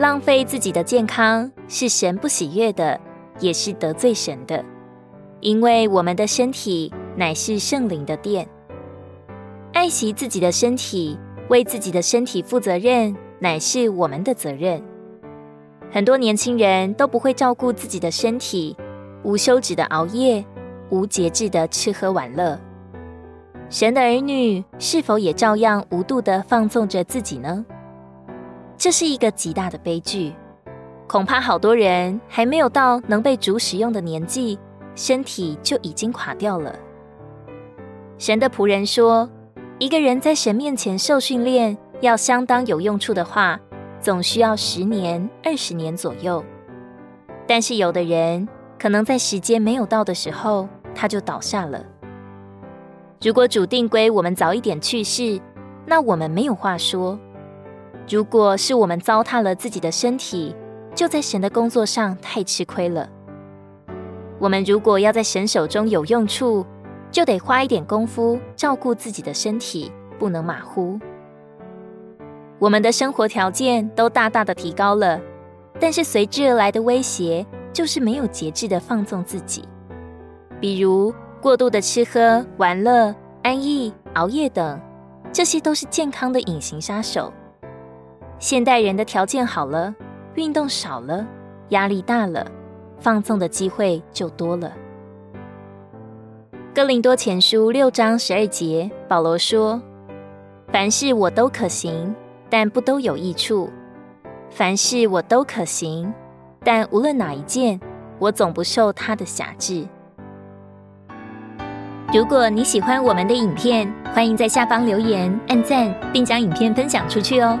浪費自己的健康是神不喜悅的，也是得罪神的。因為我們的身體乃是聖靈的殿。愛惜自己的身體，為自己的身體負責任，乃是我們的責任。很多年輕人都不會照顧自己的身體，無休止的熬夜，無節制的吃喝玩樂。神的兒女是否也照樣無度的放縱着自己呢？這是一個極大的悲劇，恐怕好多人還沒有到能被主使用的年紀，身體就已經垮掉了。神的僕人說，一個人在神面前受訓練要相當有用處的話，總需要十年、二十年左右。但是有的人可能在時間沒有到的時候，他就倒下了。如果主定歸我們早一點去世，那我們沒有話說。如果是我們糟蹋了自己的身體，就在神的工作上太吃虧了。我們如果要在神手中有用處，就得花一點功夫照顧自己的身體，不能馬虎。我們的生活條件都大大的提高了，但是隨之而來的威脅就是沒有節制的放縱自己，比如過度的吃喝、玩樂、安逸、熬夜等，這些都是健康的隱形殺手。現代人的條件好了，運動少了，壓力大了，放縱的機會就多了。哥林多前書六章十二節，保羅說：“凡事我都可行，但不都有益處；凡事我都可行，但無論哪一件，我總不受它的轄制。”如果你喜歡我們的影片，歡迎在下方留言、按讚，並將影片分享出去哦。